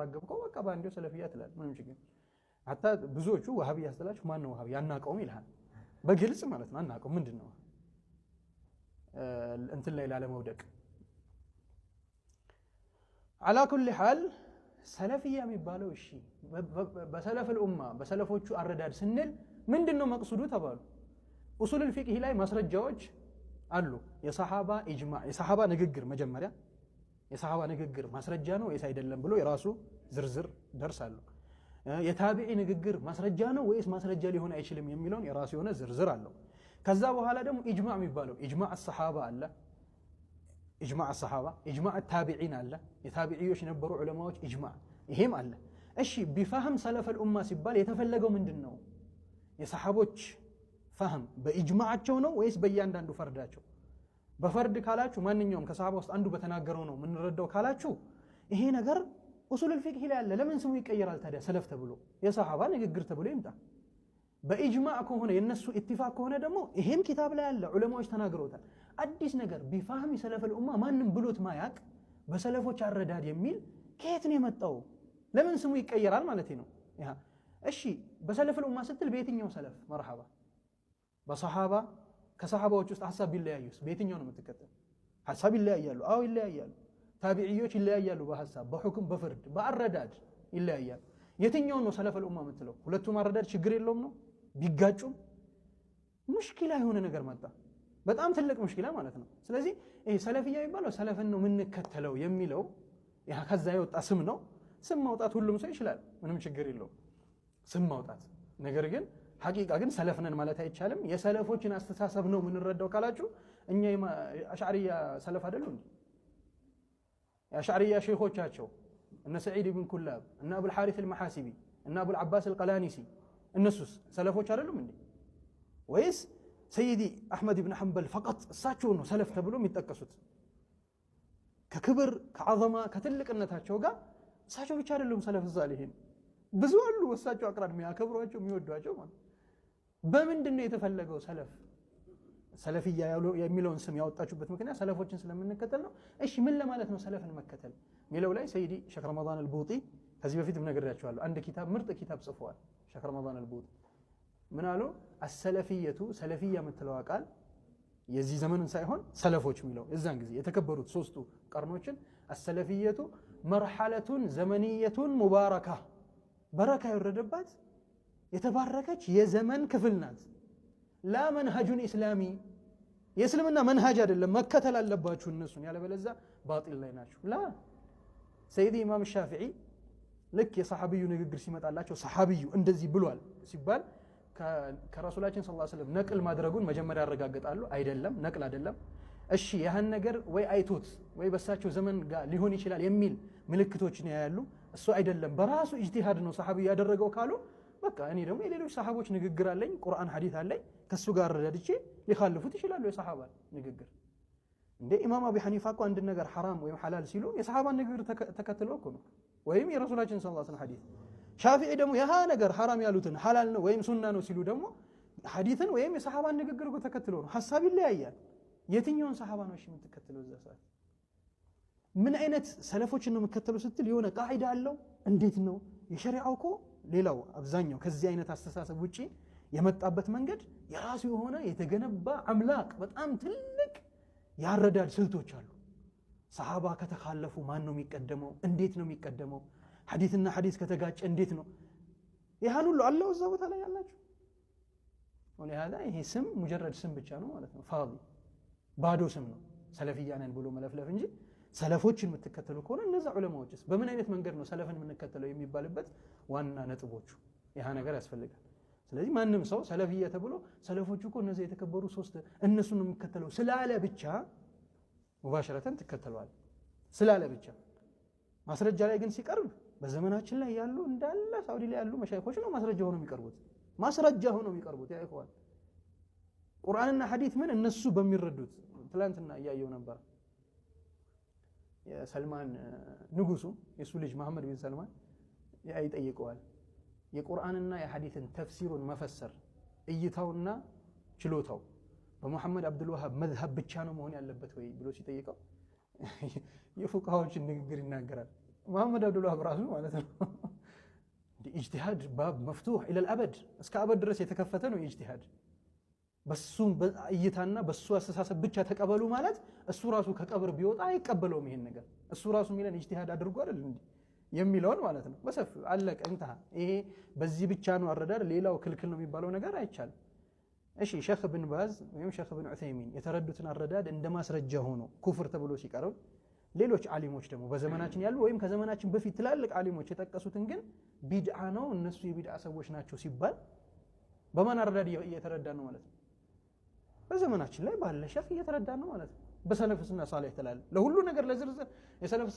ካራገብከው በቃ በአንዴው ሰለፍያ ትላለህ። ምንም ችግር አታ ብዙዎቹ ዋሃብያ ስትላቸው ማን ነው ዋሃብያ አናውቀውም ይልሃል። በግልጽ ማለት ነው አናውቀውም። ምንድን ነው እንትን ላይ ላለመውደቅ አላ ኩል ሐል ሰለፍያ የሚባለው እሺ፣ በሰለፍ ልኡማ በሰለፎቹ አረዳድ ስንል ምንድን ነው መቅሱዱ ተባሉ። ኡሱል ልፊቅህ ላይ ማስረጃዎች አሉ። የሰሓባ ኢጅማዕ የሰሓባ ንግግር መጀመሪያ የሰሃባ ንግግር ማስረጃ ነው ወይስ አይደለም ብሎ የራሱ ዝርዝር ደርሳለሁ። የታቢዒ ንግግር ማስረጃ ነው ወይስ ማስረጃ ሊሆን አይችልም የሚለውን የራሱ የሆነ ዝርዝር አለው። ከዛ በኋላ ደግሞ ኢጅማዕ የሚባለው ኢጅማዕ ሰሃባ አለ፣ ኢጅማዕ ሰሃባ፣ ኢጅማዕ ታቢዒን አለ፣ የታቢዒዎች ነበሩ ዑለማዎች ኢጅማዕ፣ ይሄም አለ። እሺ ቢፋህም ሰለፈል ኡማ ሲባል የተፈለገው ምንድን ነው? የሰሓቦች ፋህም በኢጅማዓቸው ነው ወይስ በእያንዳንዱ ፈርዳቸው በፈርድ ካላችሁ ማንኛውም ከሰሃባ ውስጥ አንዱ በተናገረው ነው የምንረዳው ካላችሁ ይሄ ነገር ኡሱል ፊቅህ ላይ ያለ ለምን ስሙ ይቀየራል ታዲያ? ሰለፍ ተብሎ የሰሃባ ንግግር ተብሎ ይምጣ። በኢጅማዕ ከሆነ የነሱ ኢትፋቅ ከሆነ ደግሞ ይሄም ኪታብ ላይ ያለ ዑለማዎች ተናግረውታል። አዲስ ነገር ቢፋህሚ ሰለፍ ልኡማ ማንም ብሎት ማያቅ በሰለፎች አረዳድ የሚል ከየት ነው የመጣው? ለምን ስሙ ይቀየራል ማለት ነው። እሺ በሰለፍ ልኡማ ስትል በየትኛው ሰለፍ መርሐባ በሰሃባ ከሰሓባዎች ውስጥ ሀሳብ ቢለያዩስ በየትኛው ነው የምትከተል? ሀሳብ ይለያያሉ። አዎ ይለያያሉ። ታቢዕዮች ይለያያሉ። በሀሳብ በሁክም፣ በፍርድ በአረዳድ ይለያያሉ። የትኛውን ነው ሰለፈል ኡማ የምትለው? ሁለቱም አረዳድ ችግር የለውም ነው። ቢጋጩም ሙሽኪላ የሆነ ነገር መጣ። በጣም ትልቅ ሙሽኪላ ማለት ነው። ስለዚህ ይሄ ሰለፍያ የሚባለው ሰለፍን ነው የምንከተለው የሚለው ከዛ የወጣ ስም ነው። ስም ማውጣት ሁሉም ሰው ይችላል። ምንም ችግር የለውም ስም ማውጣት። ነገር ግን ሐቂቃ ግን ሰለፍ ነን ማለት አይቻልም። የሰለፎችን አስተሳሰብ ነው የምንረዳው ካላችሁ እኛ አሽዓሪያ ሰለፍ አይደሉ እንዲ የአሽዓሪያ ሼኾቻቸው እነ ሰዒድ ብን ኩላብ እነ አቡልሓሪስ አልመሓሲቢ እነ አቡልዓባስ አልቀላኒሲ እነሱስ ሰለፎች አይደሉም እንዴ? ወይስ ሰይዲ አሕመድ ብን ሐንበል ፈቀጥ እሳቸውን ነው ሰለፍ ተብሎ የሚጠቀሱት? ከክብር ከዓዘማ ከትልቅነታቸው ጋር እሳቸው ብቻ አይደሉም ሰለፍ ዛሊሒን ብዙ አሉ። እሳቸው አቅራን የሚያከብሯቸው የሚወዷቸው ማለት በምንድን ነው የተፈለገው ሰለፍ ሰለፍያ የሚለውን ስም ያወጣችሁበት ምክንያት ሰለፎችን ስለምንከተል ነው። እሺ ምን ለማለት ነው ሰለፍን መከተል ሚለው ላይ ሰይዲ ሸክ ረመዳን አልቡጢ ከዚህ በፊትም ነግሬያቸዋለሁ። አንድ ኪታብ ምርጥ ኪታብ ጽፈዋል። ሸክ ረመዳን አልቡጢ ምን አሉ? አሰለፊየቱ ሰለፊያ የምትለዋ ቃል የዚህ ዘመንን ሳይሆን ሰለፎች የሚለው እዛን ጊዜ የተከበሩት ሶስቱ ቀርኖችን አሰለፊየቱ መርሐለቱን ዘመንየቱን ሙባረካ በረካ የወረደባት የተባረከች የዘመን ክፍል ናት። ላ መንሃጁን ኢስላሚ የእስልምና መንሃጅ አይደለም መከተል አለባችሁ እነሱን፣ ያለበለዛ ባጢል ላይ ናችሁ። ላ ሰይዲ ኢማም ሻፊዒ ልክ የሰሓብዩ ንግግር ሲመጣላቸው ሰሓብዩ እንደዚህ ብሏል ሲባል ከረሱላችን ሰለላሁ ዐለይሂ ነቅል ማድረጉን መጀመሪያ ያረጋግጣሉ። አይደለም ነቅል አይደለም። እሺ ያህን ነገር ወይ አይቶት ወይ በሳቸው ዘመን ጋር ሊሆን ይችላል የሚል ምልክቶችን ያያሉ። እሱ አይደለም በራሱ ኢጅቲሃድ ነው ሰሓብዩ ያደረገው ካሉ በቃ እኔ ደግሞ የሌሎች ሰሃቦች ንግግር አለኝ፣ ቁርአን ሐዲት አለኝ። ከእሱ ጋር ረዳድቼ ሊካልፉት ይችላሉ የሰሃባን ንግግር። እንደ ኢማም አቢ ሐኒፋ እኮ አንድ ነገር ሐራም ወይም ሐላል ሲሉ የሰሃባን ንግግር ተከትሎ እኮ ነው፣ ወይም የረሱላችን ሰለላሁ ዐለይሂ ወሰለም ሐዲት። ሻፊዒ ደግሞ ያሃ ነገር ሐራም ያሉትን ሐላል ነው ወይም ሱና ነው ሲሉ ደግሞ ሐዲትን ወይም የሰሃባን ንግግር ተከትሎ ነው። ሐሳብ ይለያያል። የትኛውን ሰሃባ ነው የምትከተለው? እዛ ሰዓት ምን አይነት ሰለፎችን ነው የምከተለው ስትል የሆነ ቃዒዳ አለው። እንዴት ነው የሸሪዓው እኮ ሌላው አብዛኛው ከዚህ አይነት አስተሳሰብ ውጪ የመጣበት መንገድ የራሱ የሆነ የተገነባ አምላክ በጣም ትልቅ ያረዳድ ስልቶች አሉ። ሰሃባ ከተካለፉ ማን ነው የሚቀደመው? እንዴት ነው የሚቀደመው? ሐዲትና ሐዲት ከተጋጨ እንዴት ነው? ይህን ሁሉ አለው እዛ ቦታ ላይ ያላችሁ። ወሊሃዛ ይሄ ስም ሙጀረድ ስም ብቻ ነው ማለት ነው። ፋዲ ባዶ ስም ነው። ሰለፊያ ነን ብሎ መለፍለፍ እንጂ ሰለፎችን የምትከተሉ ከሆነ እነዛ ዑለማዎችስ በምን አይነት መንገድ ነው ሰለፍን የምንከተለው የሚባልበት ዋና ነጥቦቹ ይህ ነገር ያስፈልጋል። ስለዚህ ማንም ሰው ሰለፍየ ተብሎ ሰለፎቹ እኮ እነዚ የተከበሩ ሶስት እነሱን ነው የምከተለው ስላለ ብቻ ሙባሸረተን ትከተለዋል ስላለ ብቻ ማስረጃ ላይ ግን ሲቀርብ በዘመናችን ላይ ያሉ እንዳለ ሳውዲ ላይ ያሉ መሻይኮች ነው ማስረጃ ሆነው የሚቀርቡት ማስረጃ ሆነው የሚቀርቡት ይኸዋል። ቁርአንና ሐዲት ምን እነሱ በሚረዱት ትላንትና እያየው ነበር የሰልማን ንጉሱ የእሱ ልጅ መሐመድ ቢን ሰልማን ይጠይቀዋል። የቁርአንና የሐዲትን ተፍሲሩን መፈሰር እይታውና ችሎታው በሙሐመድ አብዱልዋሃብ መዝሀብ ብቻ ነው መሆን ያለበት ወይ ብሎ ሲጠይቀው የፉቃዎችን ንግግር ይናገራል። መሐመድ አብዱልዋሃብ ራሱ ማለት ነው ኢጅቲሃድ ባብ መፍቱሕ ኢለል አበድ እስከ አበድ ድረስ የተከፈተ ነው የኢጅቲሃድ በሱ እይታና በሱ አስተሳሰብ ብቻ ተቀበሉ ማለት እሱ ራሱ ከቀብር ቢወጣ አይቀበለውም። ይሄን ነገር እሱ ራሱ የሚለን እጅትሃድ አድርጎ አይደል እንዲ የሚለውን ማለት ነው። በሰፊ አለቀ እንተሃ። ይሄ በዚህ ብቻ ነው አረዳድ፣ ሌላው ክልክል ነው የሚባለው ነገር አይቻልም። እሺ ሸክ ብን ባዝ ወይም ሸክ ብን ዑሰይሚን የተረዱትን አረዳድ እንደ ማስረጃ ሆኖ ኩፍር ተብሎ ሲቀርብ፣ ሌሎች አሊሞች ደግሞ በዘመናችን ያሉ ወይም ከዘመናችን በፊት ትላልቅ አሊሞች የጠቀሱትን ግን ቢድዓ ነው እነሱ የቢድዓ ሰዎች ናቸው ሲባል በማን አረዳድ እየተረዳ ነው ማለት ነው? በዘመናችን ላይ ባለሻት እየተረዳን ነው ማለት ነው። በሰለፍስና ሳሌህ ትላለህ ለሁሉ ነገር ለዝርዝር የሰለፍ